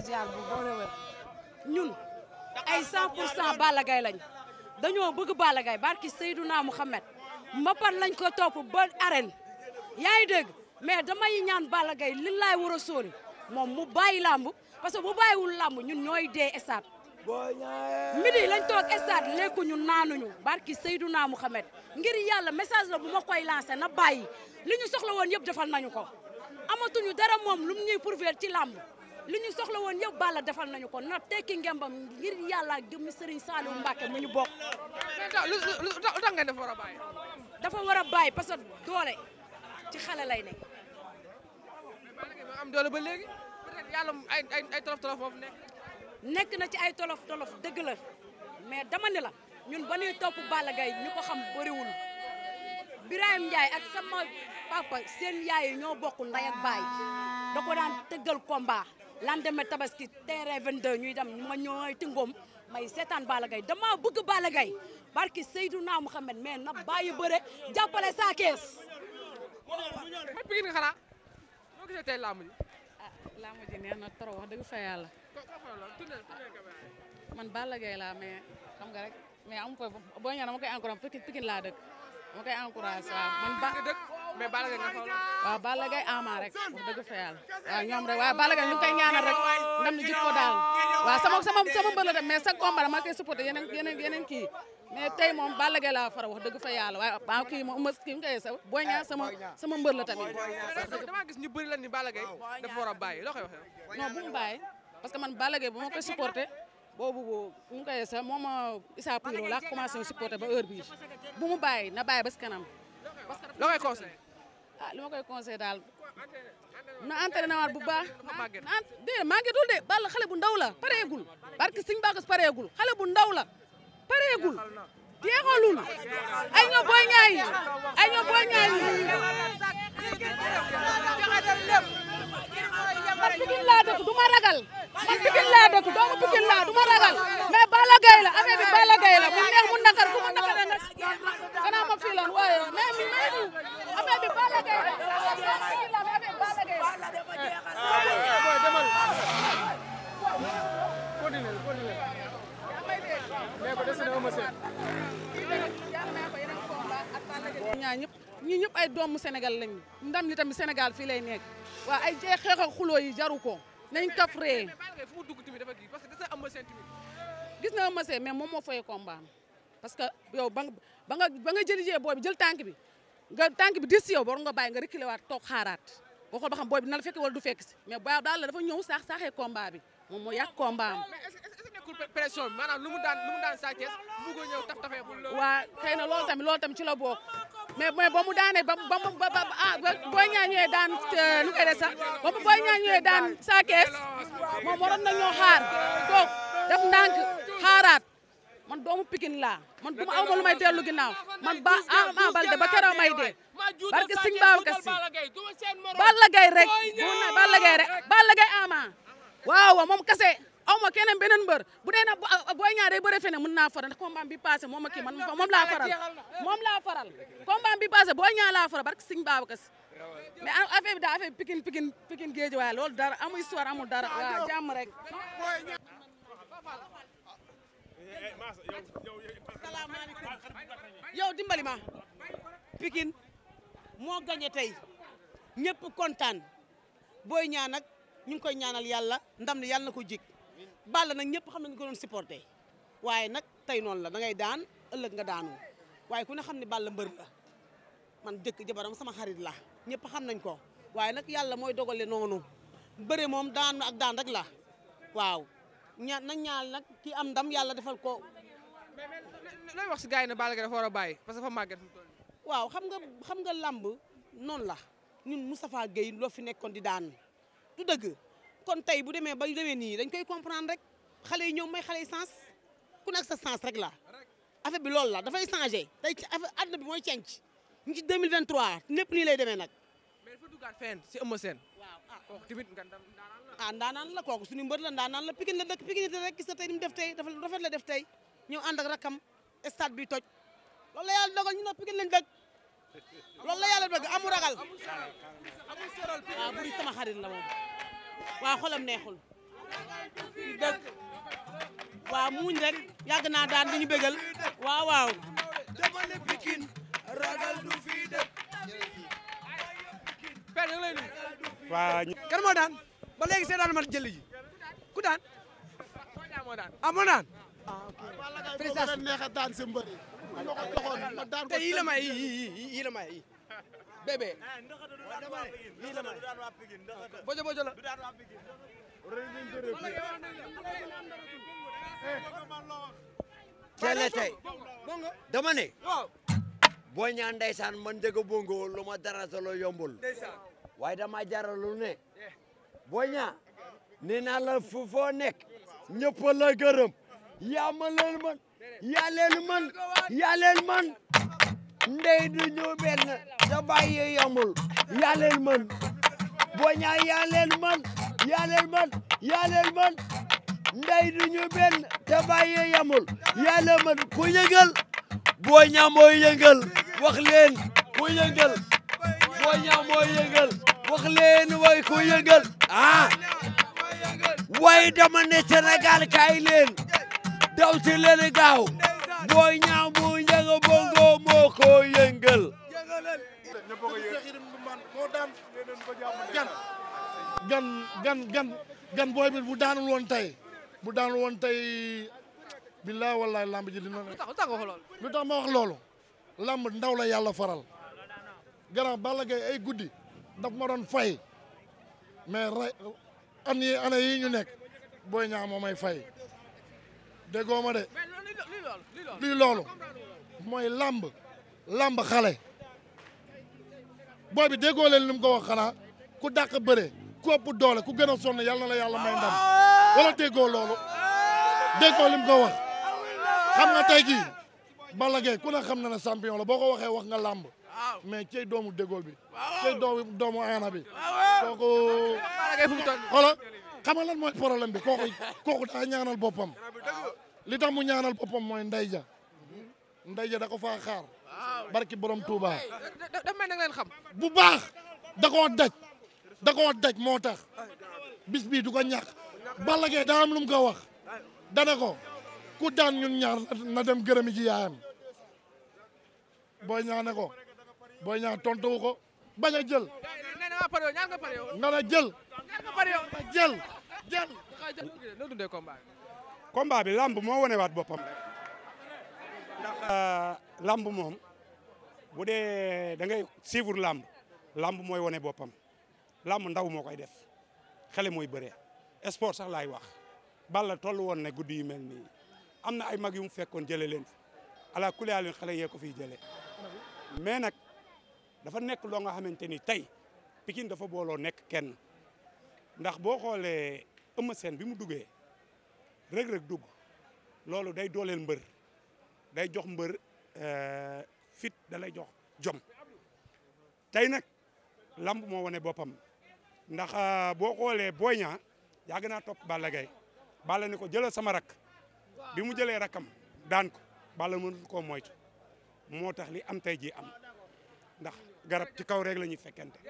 ziar di ñun ay 100 pour cent Balla Gaye lañ dañoo bëgg Balla Gaye barki Seydouna Mouhamed mbapat lañ ko topp ba arène yaa ngi dégg mais damay ñaan Balla Gaye laay war a sóori moom mu bàyyi làmb parce que bu bàyyiwul làmb ñun ñooy dee stade midi lañ toog stade lekkuñu naanuñu barki Seydouna Mouhamed ngir yàlla message la bu ma koy lancé na bàyyi li ñu soxla woon yëpp defal nañu ko amatuñu dara moom lu mu ñuy prouver ci làmb li ñu soxla woon yëpp Balla defal nañu ko na tekki ngembam ngir yàlla jëm Serigne Saliou Mbacke mu ñu bokk. lu tax ngeen dafa war a bàyyi. dafa war a bàyyi parce que doole ci xale lay ne. doole ba yàlla ay ay ay nekk. na ci ay tolof tolof dëgg la mais dama ne la ñun ba ñuy topp Balla Gaye ñu ko xam bëriwul Birahim Ndiaye ak sama papa seen yaay ñoo bokk nday ak baay da ko daan tëggal combat. lendemain tabaski terrain 22 ñuy dem ma ñooy tingoom may seetaan Balla Gaye dama bëgg Balla Gaye barki Seydina Mouhamed mais na bàyyi bëre jàppale saa kees. ma pikin nga xanaa noo gisee tey laamu ji. ah laamu ji yàlla. man Balla la laa mais xam nga rek mais amu ko boo ñëwee dama koy encouragé pikin laa dëkk dama koy encouragé waaw man ba. mais Balla Gaye nga xool waaw Balla Gaye Ama rek wax dëgg fa yàlla waaw ñoom rek waaw Balla Gaye daal waaw sama sama sama mbër la dem mais sa combat dama koy supporté yeneen yeneen tey moom Balla Gaye fara wax dëgg fa yàlla waaye waaw kii moom kii nga sa booy ñaa sama sama mbër la tamit dama gis ni Balla Gaye dafa war a bàyyi loo koy waxee non bu mu bàyyi parce que man Balla Gaye sa moom Issa Pouye laa commencé supporté ba heure bii bu mu bàyyi na bàyyi ba si kanam ah li ma koy conseillé daal na entraîné waat bu baax na déedéet ah, màggetul de Balla xale bu ndaw la pareegul barke Sëñ Bakos pareegul xale bu ndaw pareegul jeexalul ay ñoo ay ñoo booy ñaay man laa dëkk du ragal man laa dëkk doomu Pikine laa du ragal mais Balla Gaye la affaire bi Balla Gaye la ñii ñëpp ay doomu Sénégal lañu ndam li tamit Sénégal fii lay nekk waaw ay jeex xeex ak yi jaru ko nañ kaf ree fu mu dugg tamit dafa kii parce que gis na Eumeu Sène tamit gis na Eumeu Sène mais moom moo fayee combat parce que yow ba ba nga ba nga jëli jee boo jël tànk bi nga tànk bi dis si yow war nga bàyyi nga reculer waat toog xaaraat boo xool ba xam booy du fekk si mais booy daal la dafa ñëw saax saaxee combat bi moom moo yàq combat am pression bi maanaam lu mu daan lu mu Sa Thiès mu ko ñëw waa xëy na lool tamit loolu tamit ci la bokk mais mais ba mu daanee ba ba mu ba ah boo ñaañee daan euh, lu koy def ba mu boo ñaañee daan saa moom waroon nañoo xaar toog def ndànk xaaraat man doomu Pikine laa man du ma aw ma lu man ba Ama ah, Baldé ba keroog may dee barke Sëñ Babacar Si Balla Gaye rek Balla rek Balla Gaye Ama waaw moom kase feneen beneen mbër bu dee na ah, booy ñaar day bëre feneen mën naa faral ndax combat bi passé moom ak kii man moom laa faral moom laa faral combat bi passé booy ñaar laa faral barke Sëñ Babacar Si mais affaire bi daa affaire pikin pikin pikin géej waaye loolu dara amul histoire amul dara waaw jàmm rek yow dimbali ma pikin moo gañe tey ñëpp kontaan booy ñaan nag ñu ngi koy ñaanal yàlla ndam ne yàlla na ko jik Balla nag ñëpp xam nañ ko doon supporté waaye nag tey noonu la da ngay daan ëllëg nga daanu waaye ku ne xam ne Balla mbër la man jëkk jabaram sama xarit la ñëpp xam nañ ko waaye nag yàlla mooy dogale noonu bëre moom daanu ak daan rek la waaw ña nag ñaal nag ki am ndam yàlla defal ko. mais looy wax si gars yi ne Balla Gaye dafa war a bàyyi parce que dafa màgget waaw xam nga xam nga làmb noonu la ñun mu Moustapha Guèye loo fi nekkoon di daan du dëgg. kon tey bu demee ba demee nii dañ koy comprendre rek xale yi ñoom may xale yi sens ku nekk sa sens rek la affaire bi loolu la dafay changé tey ci affaire àdduna bi mooy cenc ñu ci 2023 lépp nii lay demee nag. mais dafa duggaat fenn si Eumeu Sène. waaw ah kooku la. ah ndaanaan la kooku suñu mbër la ndaanaan la Pikine la ni mu def tey dafa rafet la def tey ñëw ànd ak rakam stade bi toj loolu la yàlla dogal ñu ne Pikine lañ dëkk loolu la yàlla bëgg amu ragal. amul sóoraal waaw bu sama xarit la moom. waaw xolam neexul dëgg waaw muñ rek yàgg naa daan di ñu bégal waaw waaw demale pikin ragal du fii dëkk père lay nu waaw moo daan ba léegi seetaan ma jëli ji ku daan ah moo daan félicitations ah, neexa daan si mbër yi tey yii la may yii yii yii la may bébé. Eh, lii la bojo bojo la. Eh. teel dama ne. boo ñaan man njëkk a bongo lu ma dara solo yombul. waaye ne. boo ñaa la fu foo nekk. ñëpp la leen man. yaa leen man. yaa leen man. ndey du ñu sa baay yi yamul mën boo ñaa mën yaa mën yaa mën ndey du benn te baay yi mën ku yëngal boo ñaa mooy yëngal ku yëngal boo ñaa mooy yëngal wax leen way ah! way dama ne Sénégal kaay gaaw boo mu njëga bongo moo ko yëngal gan gan gan gan gan booy bi bu daanul woon tey bu daanul woon tey billaay wallaay lamb ji dina. lu tax lu tax ma wax loolu. lamb ndaw la yàlla faral. gannaaw Balla Gaye ay guddi daf ma doon fay mais ra an yi année ñu nekk booy ñaa moo may fay déggoo de. lii loolu. mooy lamb lamb xale. booy bi déggoo leen mu ko wax xanaa ku dàq bëre ku ëpp doole ku gën a sonn yàlla na la yàlla may ndam wala déggoo loolu déggoo mu ko wax xam nga tey jii Balla Gaye ku ne xam na ne champion la boo ko waxee wax nga làmb mais cey doomu dégool bi cey doomu doomu aana bi kooku xolo xam nga lan mooy problème bi kooku kooku daa boppam li tax mu ñaanal boppam mooy ndey ja ndey ja da ko faa xaar barki borom Touba. da may nag leen xam. bu baax dako koo daj da koo daj moo tax bis bii du ko ñàkk Balla Gaye daa am lu ko wax dana ko ku daan ñun ñaar na dem gërëmi ji yaayam booy ñaa ne ko booy ñax tontuwu ko bañ a jël. nga na jël. jël jël. combat bi lamb moo wanewaat boppam ndax euh, lamb moom bu dee da ngay suivre lamb lamb mooy wane boppam lamb ndaw moo koy def xele mooy bëree sport sax laay wax Balla toll woon ne guddi yu mel nii am na ay mag yu mu fekkoon jëlee leen fi ala kuleyaalin xale yee ko fiy jëlee mais nag dafa nekk loo nga xamante ni tey Pikine dafa booloo nekk kenn ndax boo xoolee Eumeu Sène bi mu duggee Reug Reug dugg loolu day dooleel mbër day jox mbër euh, fit dalay jox jom tey nag lamb moo wane boppam ndax euh, boo xoolee Boy Niang yàgg naa topp Balla Gaye Balla ne ko jëlal sama rak bi mu jëlee rakam daan ko Balla mënul koo moyt moo tax li am tey ji am ndax garab ci kaw rek la ñuy fekkente